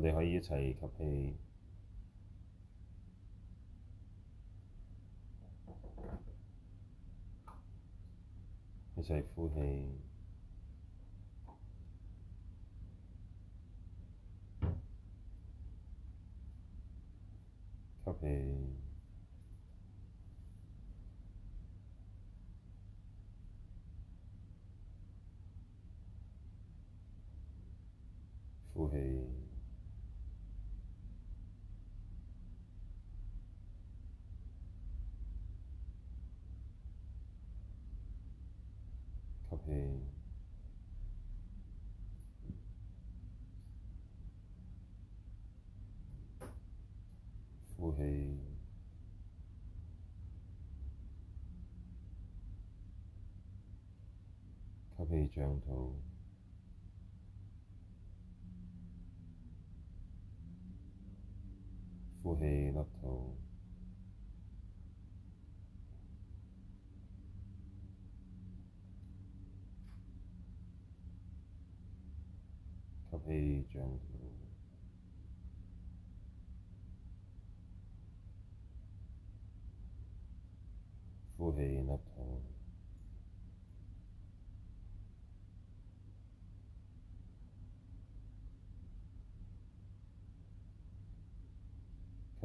我哋可以一齊吸氣，一齊呼氣，吸氣。吸氣漲肚，呼氣凹肚，吸氣漲肚，呼氣凹肚。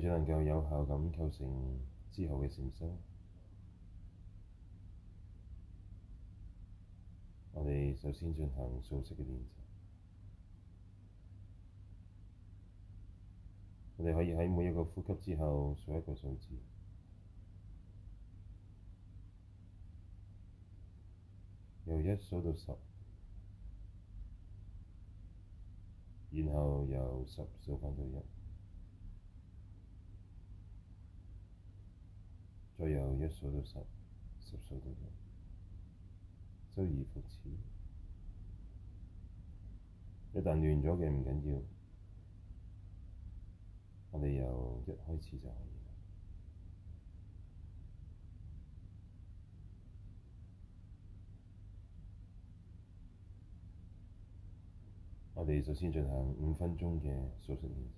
為咗能夠有效咁構成之後嘅成績，我哋首先進行數息嘅練習。我哋可以喺每一個呼吸之後數一個數字，由一數到十，然後由十數返到一。再由一數到十，十數到一，周而復始。一旦亂咗嘅唔緊要，我哋由一開始就可以。我哋首先進行五分鐘嘅數息練習。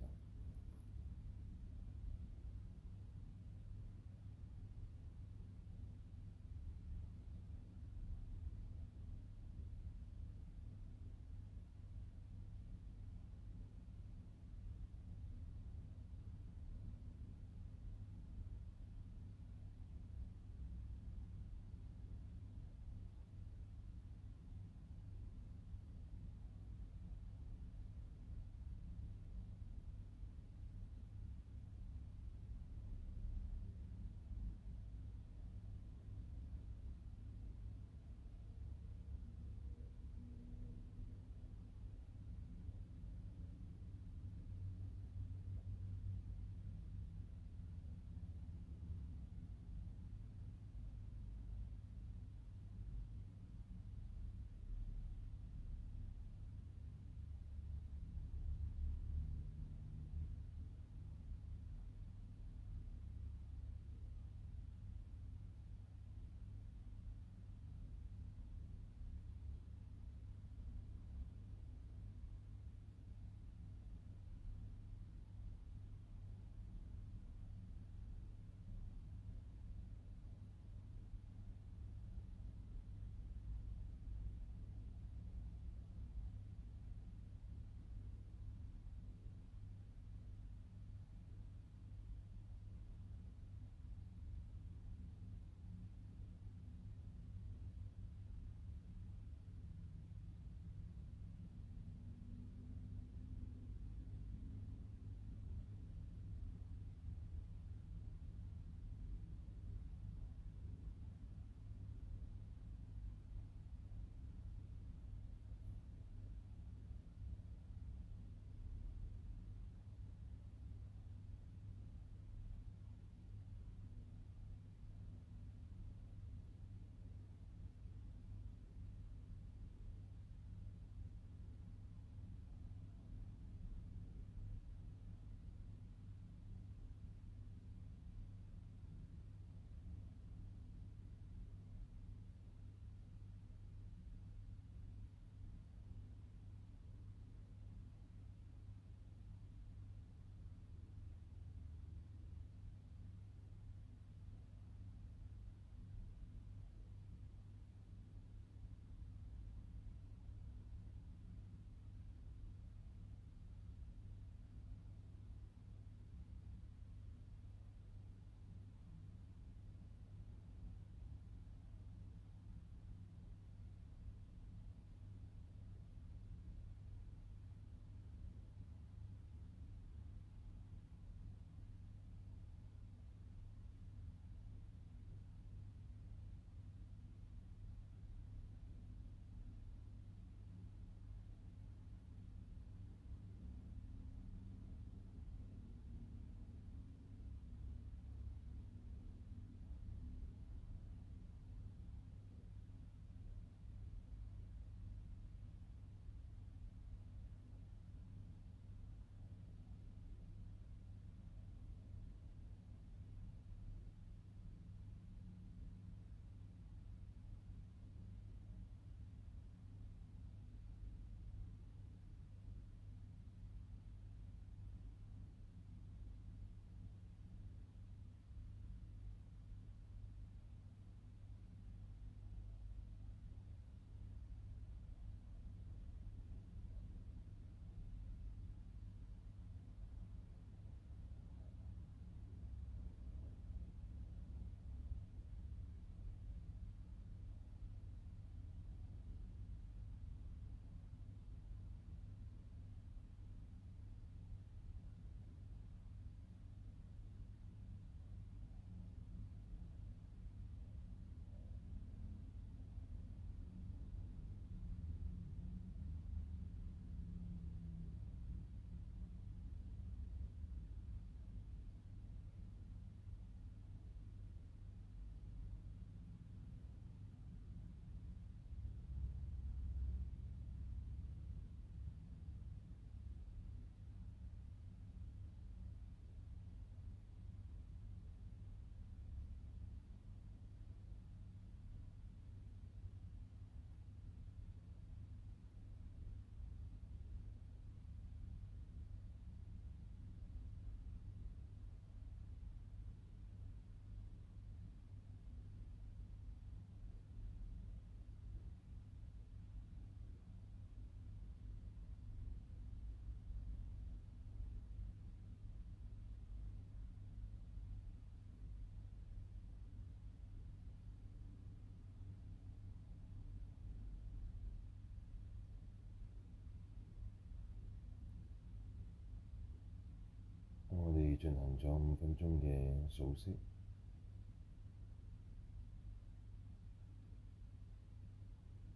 進行咗五分鐘嘅數息，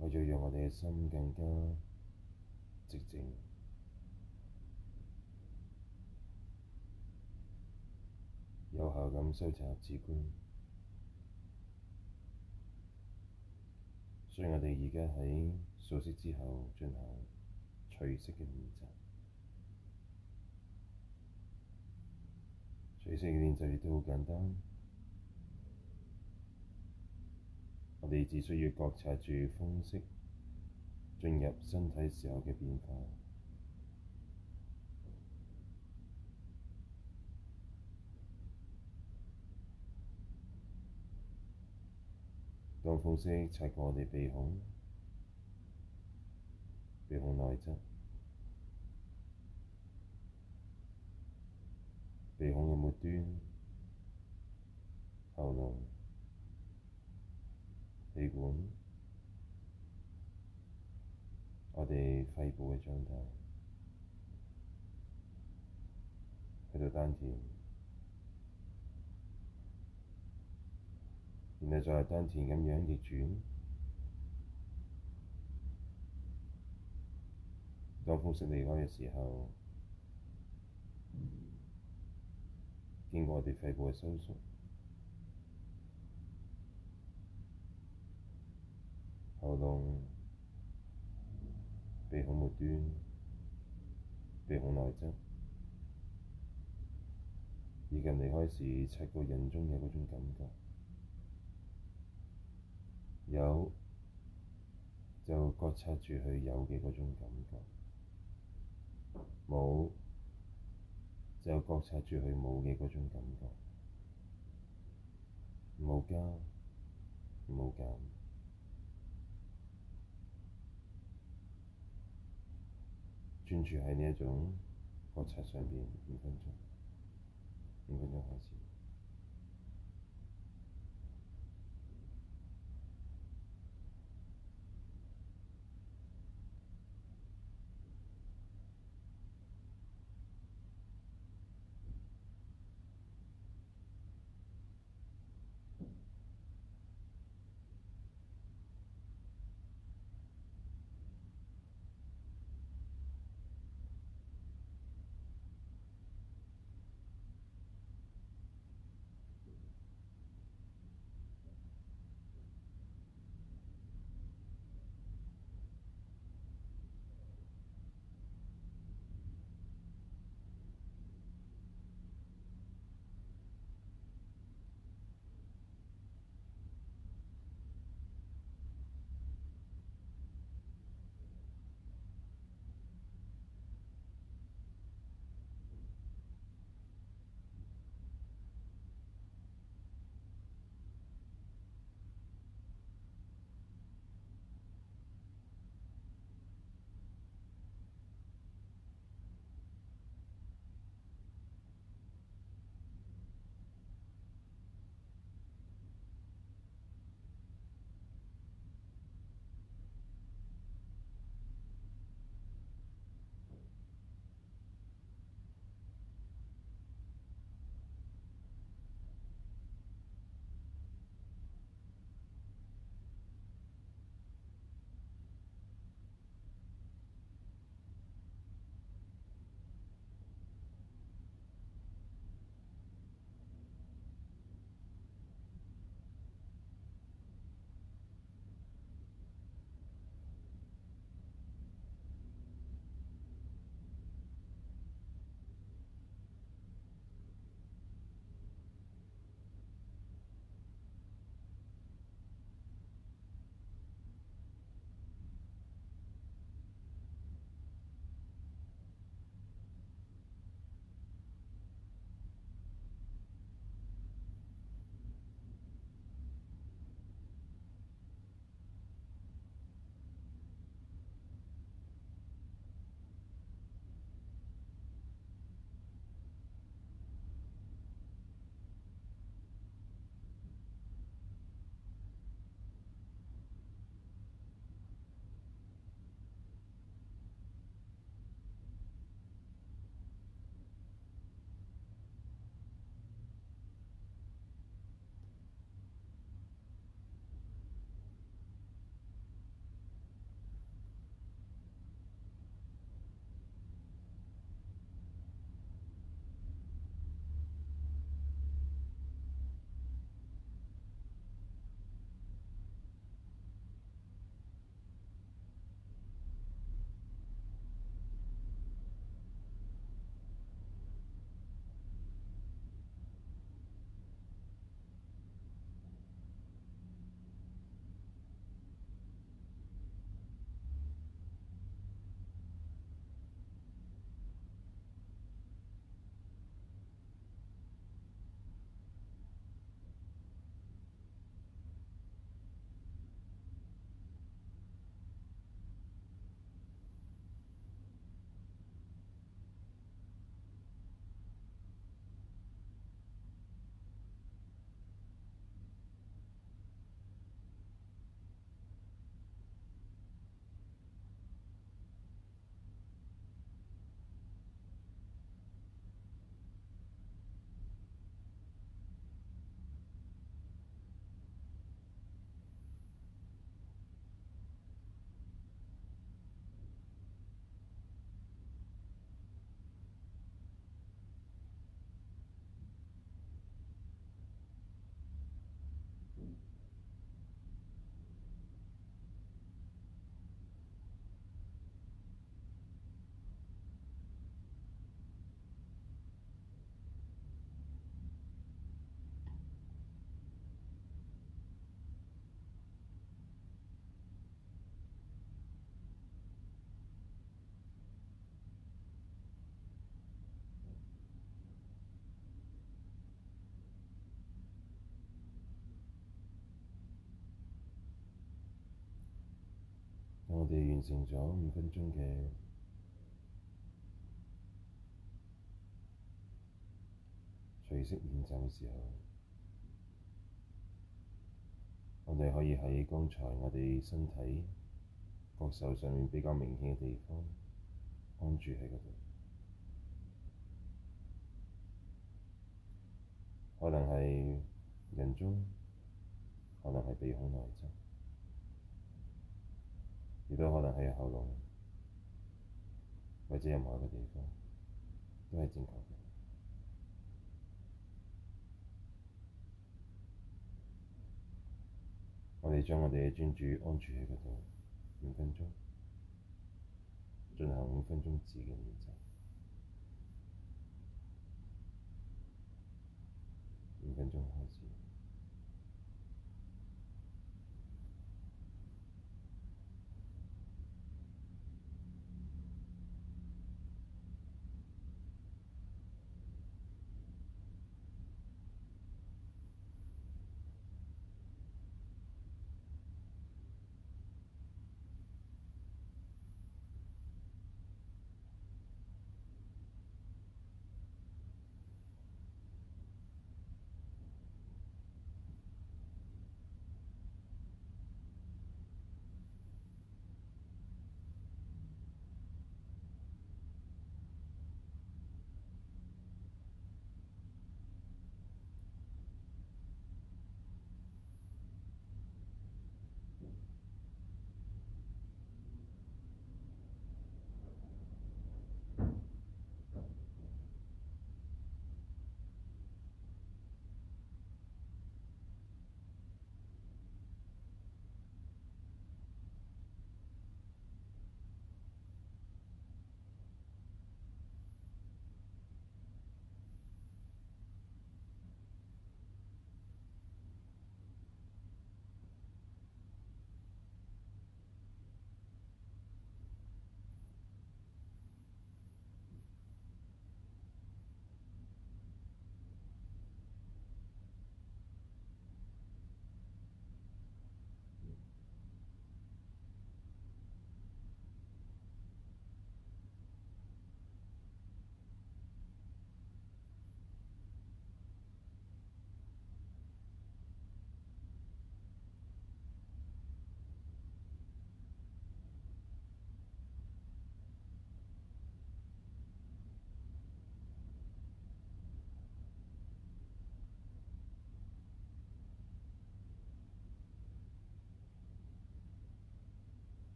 為咗讓我哋嘅心更加寂靜，有效咁收集下感官。所以我哋而家喺數息之後進行隨息嘅練習。隨身嘅練習亦都好簡單，我哋只需要覺察住風息進入身體時候嘅變化。當風息擦過我哋鼻孔，鼻孔內側，鼻孔嘅末端、喉嚨、氣管，我哋肺部嘅狀態，去到丹田，然後再丹田咁樣逆轉，當風聲離開嘅時候。經過我哋肺部嘅收縮，喉嚨、鼻孔末端、鼻孔內側，以及離開時察覺人中嘅嗰種感覺，有就覺察住佢有嘅嗰種感覺，冇。就覺察住佢冇嘅嗰種感覺，冇加冇減，專注喺呢一種覺察上面五分鐘，五分鐘開始。我哋完成咗五分鐘嘅隨息演習嘅時候，我哋可以喺剛才我哋身體各手上面比較明顯嘅地方安住喺嗰度，可能係人中，可能係鼻孔內側。亦都可能係喉嚨，或者任何一個地方，都係正確嘅。我哋將我哋嘅專注安住喺嗰度五分鐘，進行五分鐘止嘅練習。五分鐘開始。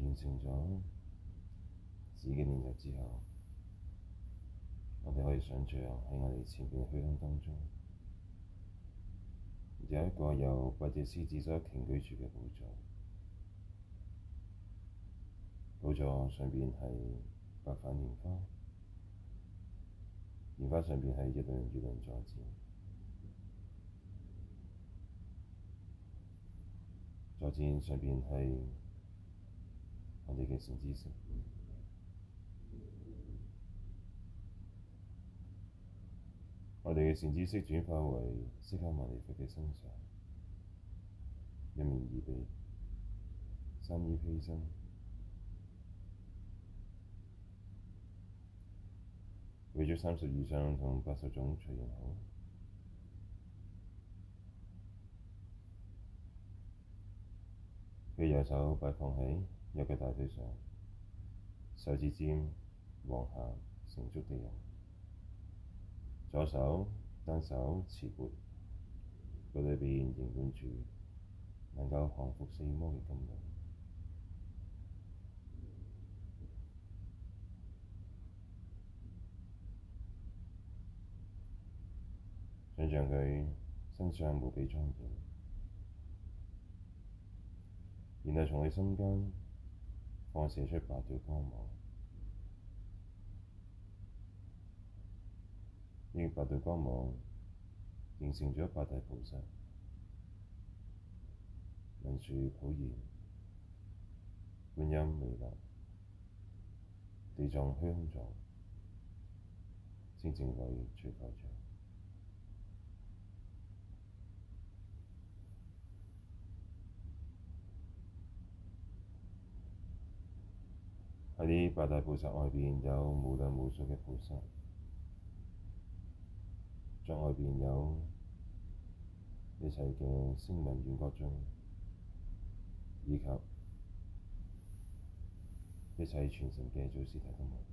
完成咗自己練習之後，我哋可以想像喺我哋前邊嘅虛空當中，有一個有八隻獅子所停居住嘅寶座，寶座上邊係白粉蓮花，蓮花上邊係一輪月輪座墊，座墊上邊係。我哋嘅善知識，我哋嘅善知識轉化為釋迦牟尼佛嘅身上，一面二臂，三衣披身，背咗三十二相同八十種隨形好，佢右手擺放起。右腳大腿上，手指尖往下成足的人，左手單手持缽，佢裏面凝灌住能夠降伏四魔嘅功能。Mm hmm. 想像佢身上無比裝點，然後從你身間。放射出八道光芒，呢八道光芒形成咗八大菩薩，文殊、普賢、觀音、彌勒、地藏、虛空藏，正正來圓諸佛喺呢八大菩薩外邊有無量無數嘅菩薩，再外邊有一切嘅聲聞、緣覺眾，以及一切傳承嘅祖師大德們。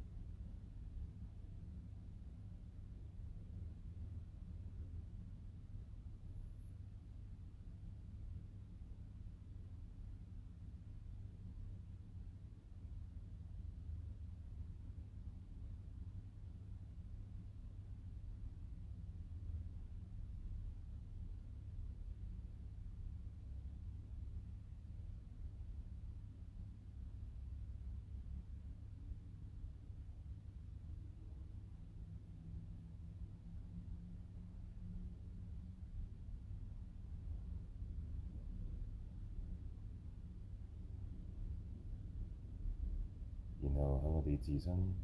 自身呢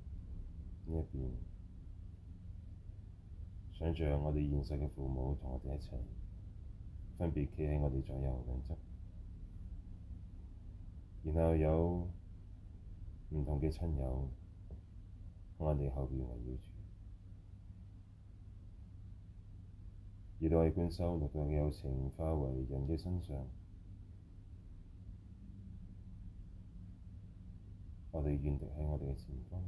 一邊，想像我哋現實嘅父母同我哋一齊，分別企喺我哋左右兩側，然後有唔同嘅親友喺我哋後邊圍繞住，而愛、寬、收、六嘅有情化為人嘅身上。我哋怨敵喺我哋嘅前方，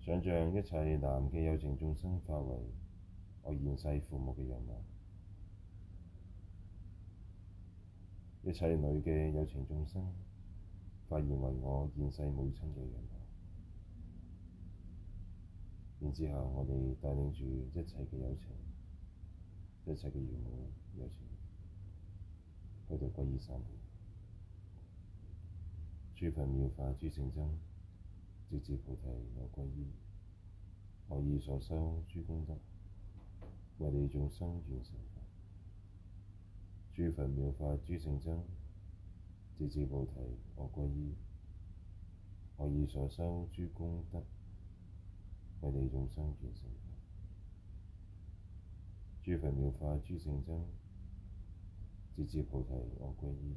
想象一切男嘅有情眾生化為我現世父母嘅樣貌，一切女嘅有情眾生化現為我現世母親嘅樣貌，然之後我哋帶領住一切嘅有情，一切嘅圓滿有情，去到觀音山。諸佛妙法諸聖僧，直至菩提我歸依。我以所修諸功德，為利眾生願成佛。諸佛妙法諸聖僧，直至菩提我歸依。我以所修諸功德，為利眾生願成佛。諸佛妙法諸聖僧，直至菩提我歸依。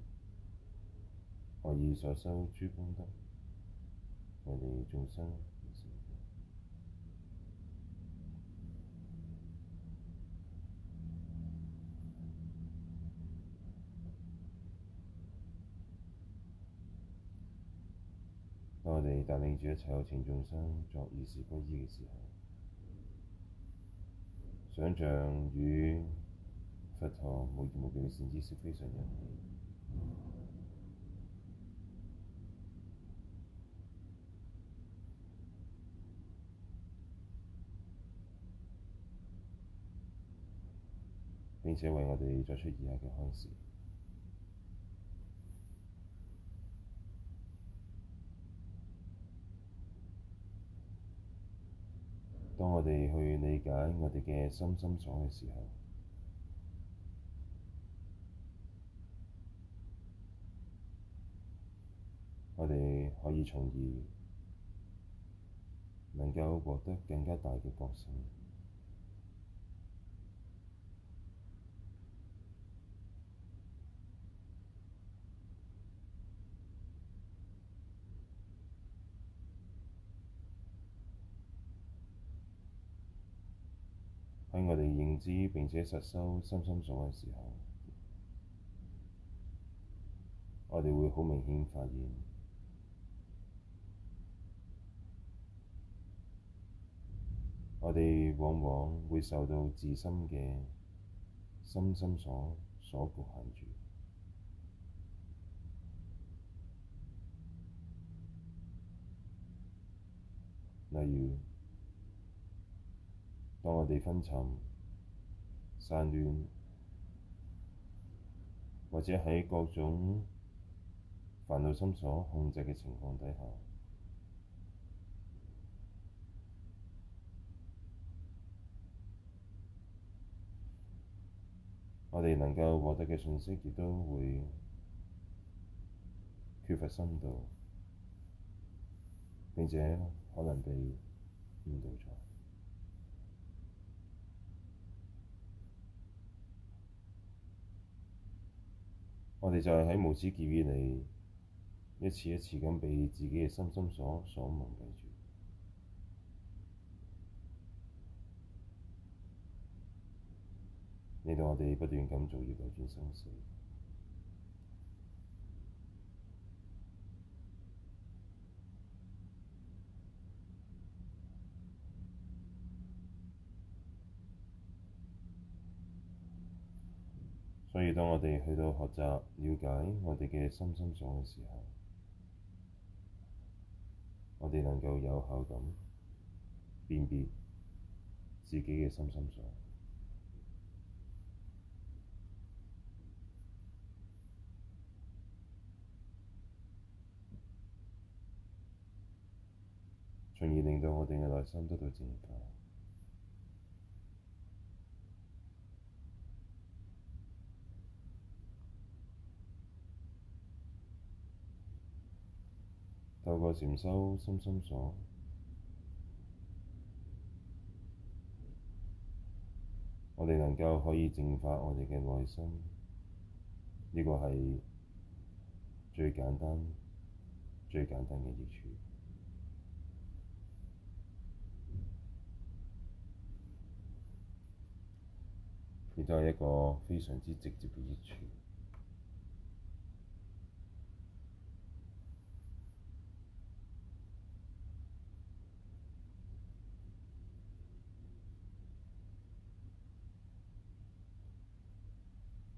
我以所修諸功德，為你眾生。當我哋帶領住一切有情眾生作如是皈依嘅時候，想像與佛陀無形無變嘅善知識非常有近。並且為我哋作出以下嘅康事。當我哋去理解我哋嘅心、心所嘅時候，我哋可以從而能夠獲得更加大嘅覺醒。並且實修心心所嘅時候，我哋會好明顯發現，我哋往往會受到自身嘅心心所所局限住。例如，當我哋分尋，散亂，或者喺各種煩惱心所控制嘅情況底下，我哋能夠獲得嘅信息亦都會缺乏深度，並且可能被誤導咗。我哋就係喺無始劫以來，一次一次咁被自己嘅心、心所所蒙蔽住，令到我哋不斷咁造業流轉生死。所以當我哋去到學習了解我哋嘅心心所嘅時候，我哋能夠有效咁辨別自己嘅心心所，從而令到我哋嘅內心得到啲自有個禪修心心所，我哋能夠可以淨化我哋嘅內心，呢、這個係最簡單、最簡單嘅益處，亦都係一個非常之直接嘅益處。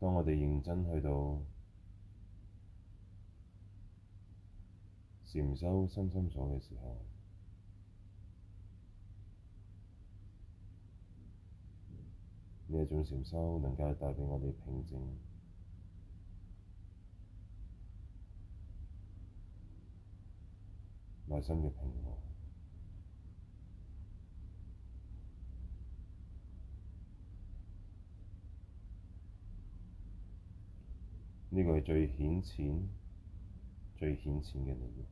當我哋認真去到禪修心心所嘅時候，呢一種禪修能夠帶畀我哋平靜內心嘅平和。呢個係最顯淺、最顯淺嘅內容。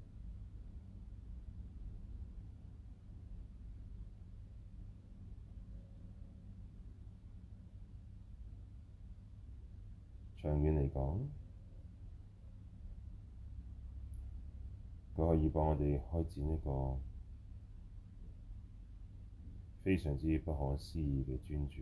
長遠嚟講，佢可以幫我哋開展一個非常之不可思議嘅專注。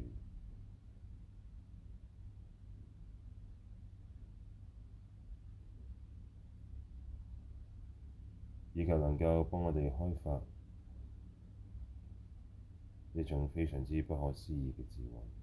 以及能夠幫我哋開發一種非常之不可思議嘅智慧。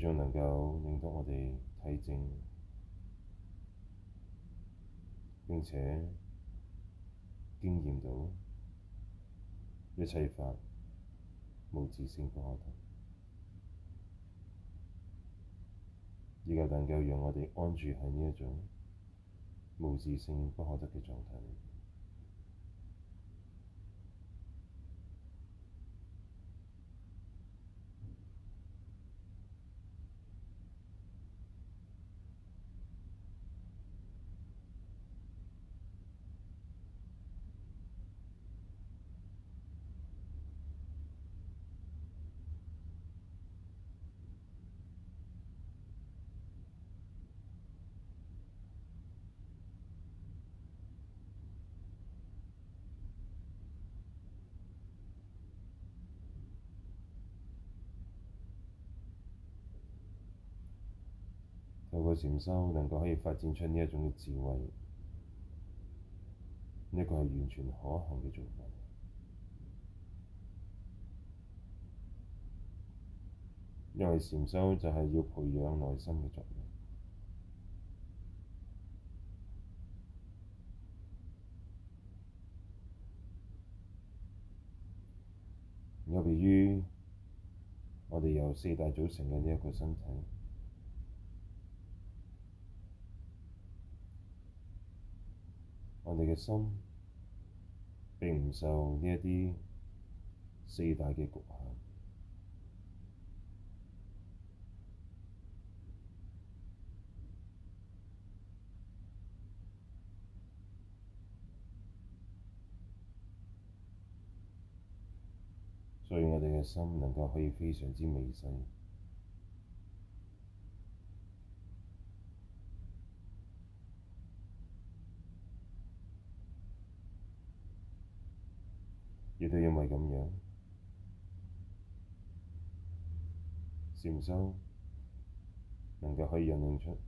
仲能夠令到我哋體證，並且經驗到一切法無自性不可得，依個能夠讓我哋安住喺呢一種無自性不可得嘅狀態。禪修能夠可以發展出呢一種嘅智慧，呢一個係完全可行嘅做法，因為禪修就係要培養內心嘅作用，有別於我哋由四大組成嘅呢一個身體。我哋嘅心並唔受呢一啲四大嘅局限，所以我哋嘅心能夠可以非常之微細。係咁樣，禪修能夠可以引領出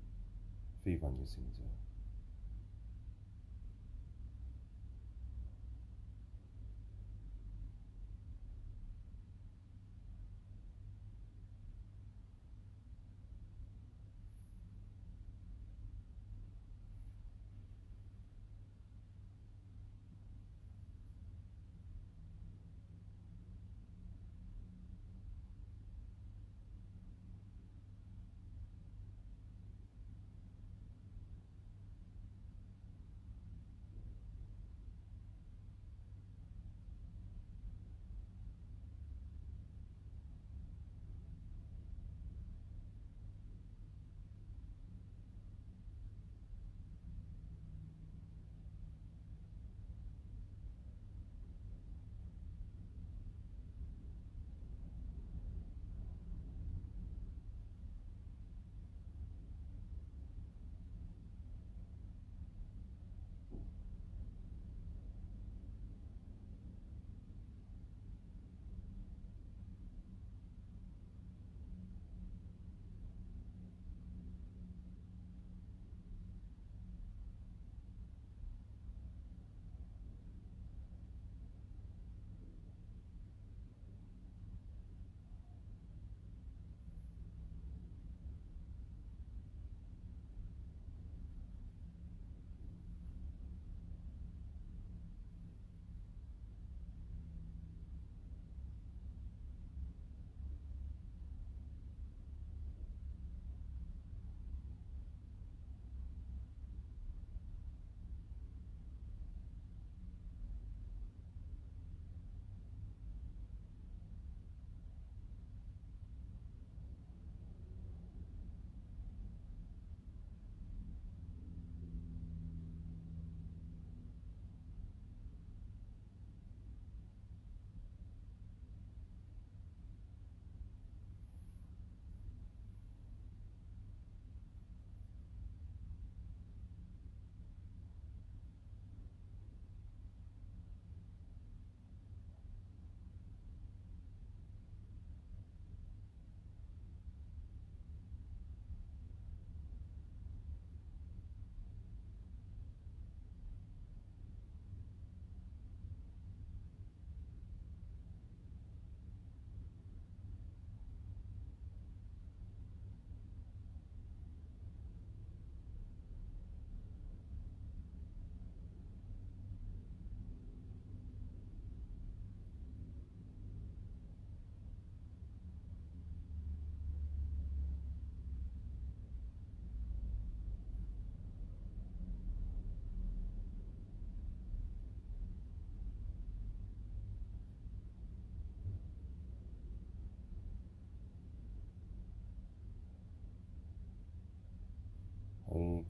非凡嘅成就。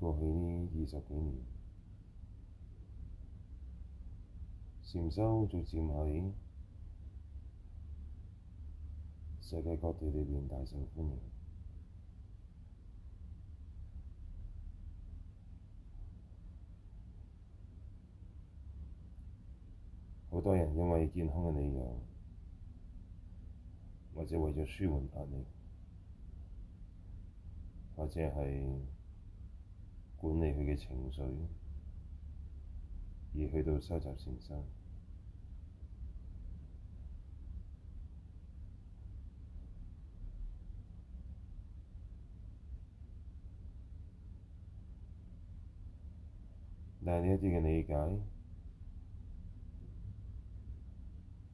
過去呢二十幾年，禪修逐漸喺世界各地裏面大受歡迎，好多人因為健康嘅理由，或者為咗舒緩壓力，或者係，管理佢嘅情緒，而去到收集禪修，但係呢一啲嘅理解，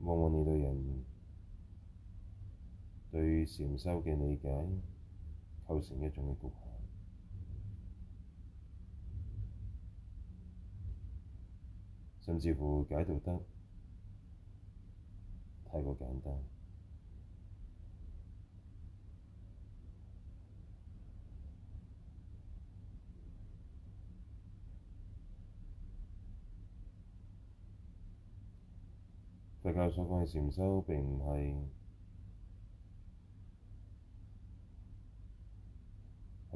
往往令到人對禪修嘅理解構成一種嘅局限。甚至乎解讀得太過簡單。佛教所講嘅禪修，並唔係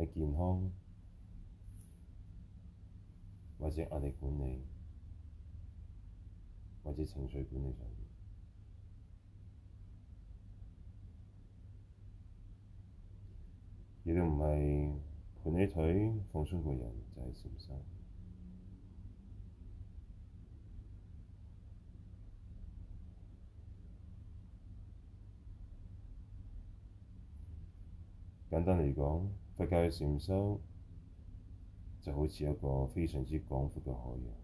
係健康或者壓力管理，或者情緒管理上面，亦都唔係盤起腿，放鬆個人，就係禪修。簡單嚟講，佛教嘅禪修就好似一個非常之廣闊嘅海洋。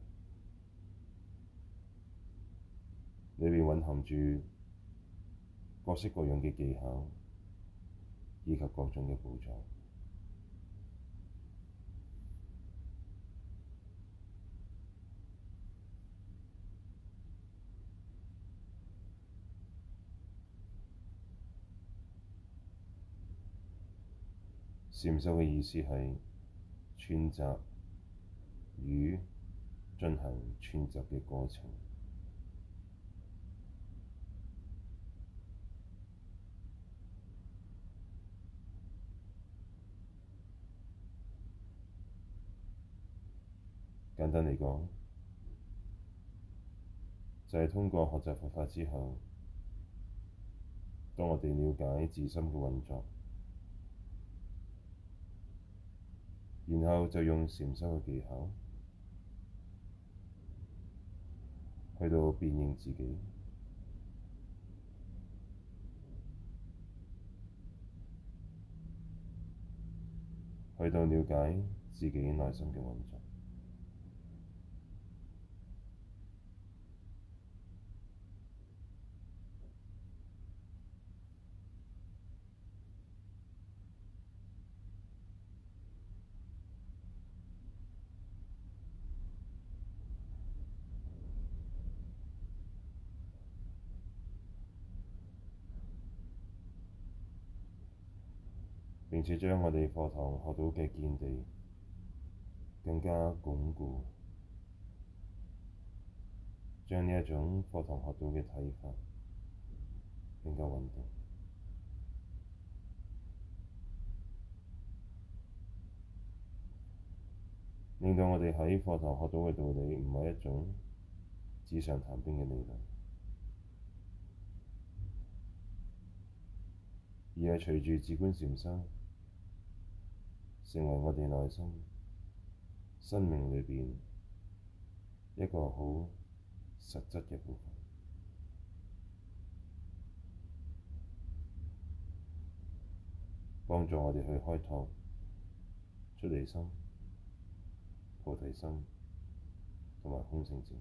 裏面隱含住各式各樣嘅技巧，以及各種嘅步驟。禪修嘅意思係串習與進行串習嘅過程。簡單嚟講，就係通過學習佛法之後，當我哋了解自身嘅運作，然後就用禪修嘅技巧，去到辨認自己，去到了解自己內心嘅運作。並且將我哋課堂學到嘅見地更加鞏固，將呢一種課堂學到嘅睇法更加穩定，令到我哋喺課堂學到嘅道理唔係一種紙上談兵嘅理論，而係隨住止觀禪修。成為我哋內心生命裏邊一個好實質嘅部分，幫助我哋去開拓出離心、菩提心同埋空性境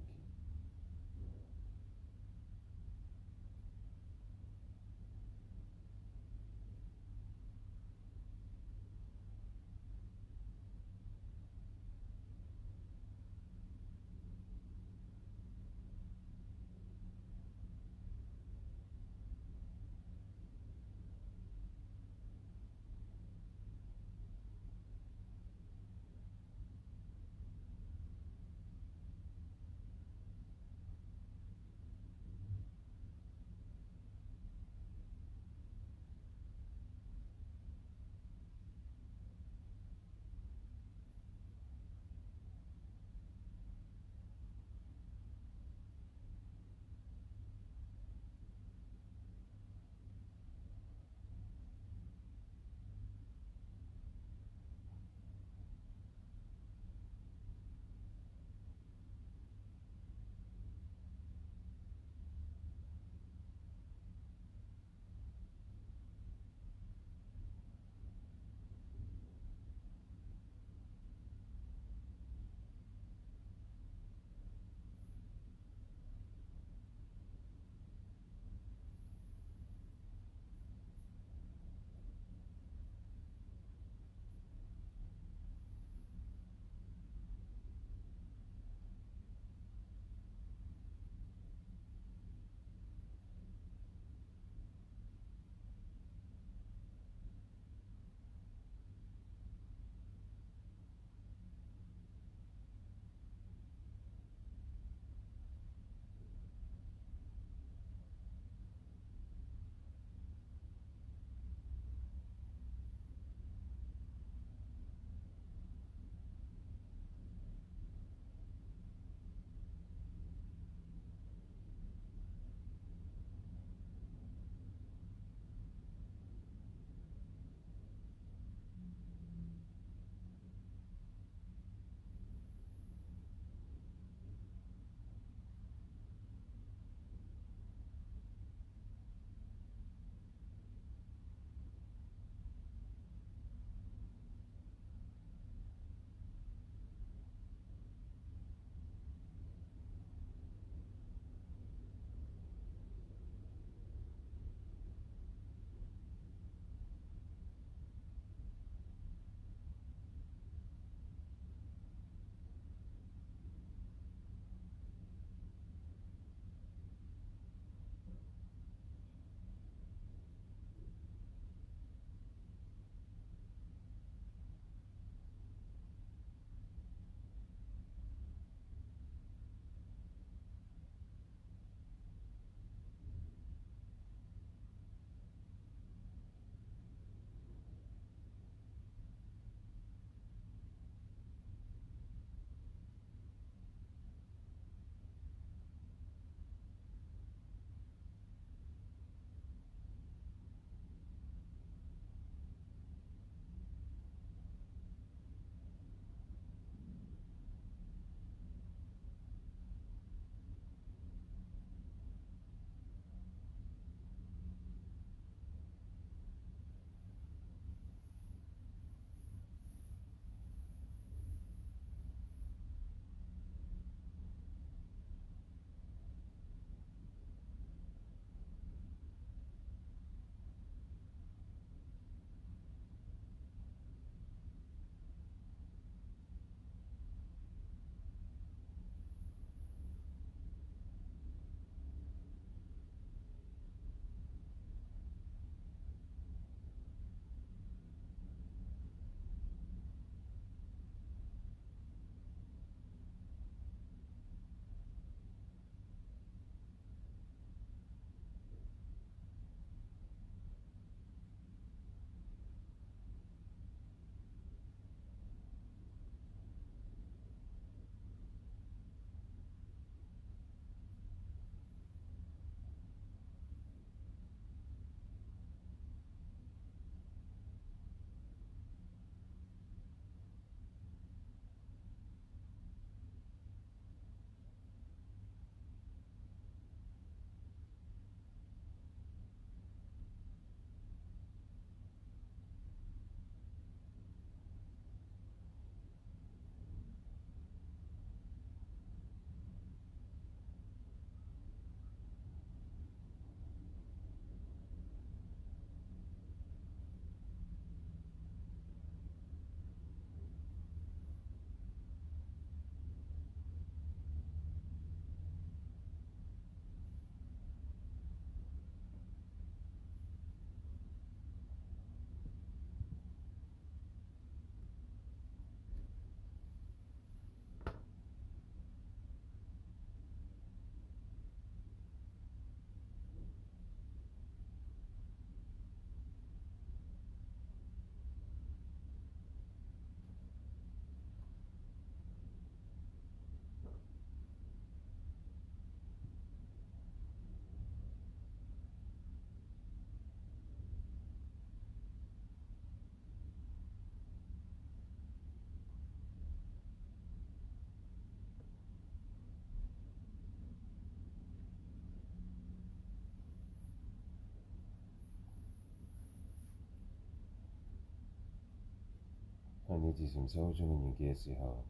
你自成修中嘅念記嘅時候，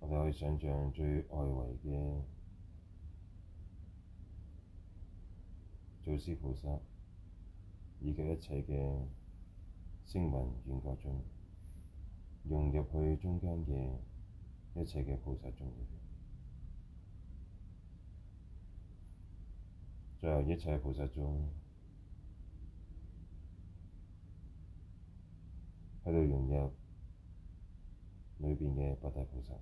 我哋可以想象最外圍嘅祖師菩薩，以及一切嘅聲聞緣覺中融入去中間嘅一切嘅菩薩中，最後一切菩薩中。喺度融入裏邊嘅八大菩薩，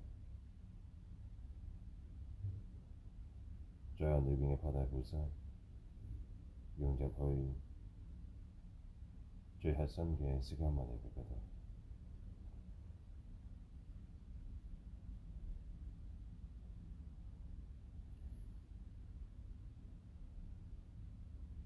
最後裏邊嘅八大菩薩融入去最核心嘅釋迦牟尼佛嗰度。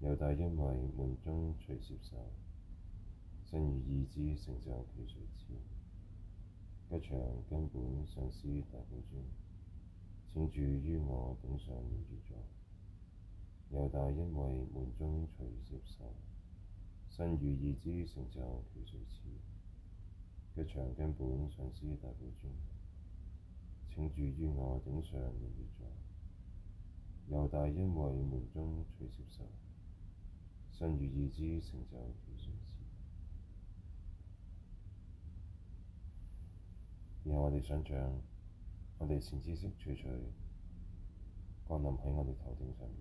又大因位門中隨攝受，身如意指成就其瑞智，吉祥根本上師大寶尊，請住於我頂上圓月座。又大因位門中隨攝受，身如意指成就其瑞智，吉祥根本上師大寶尊，請住於我頂上圓月座。又大因位門中隨攝受。信如預知成就預算事，然後我哋想像我哋前知識徐徐降臨喺我哋頭頂上面，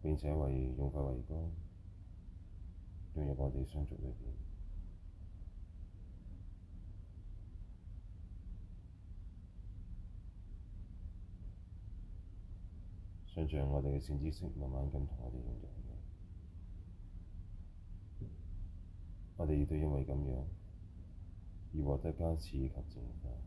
並且為用快為光，融入我哋相族裏邊。上進，我哋嘅善知識慢慢咁同我哋一樣。我哋亦都因為咁樣，而獲得加持及正解。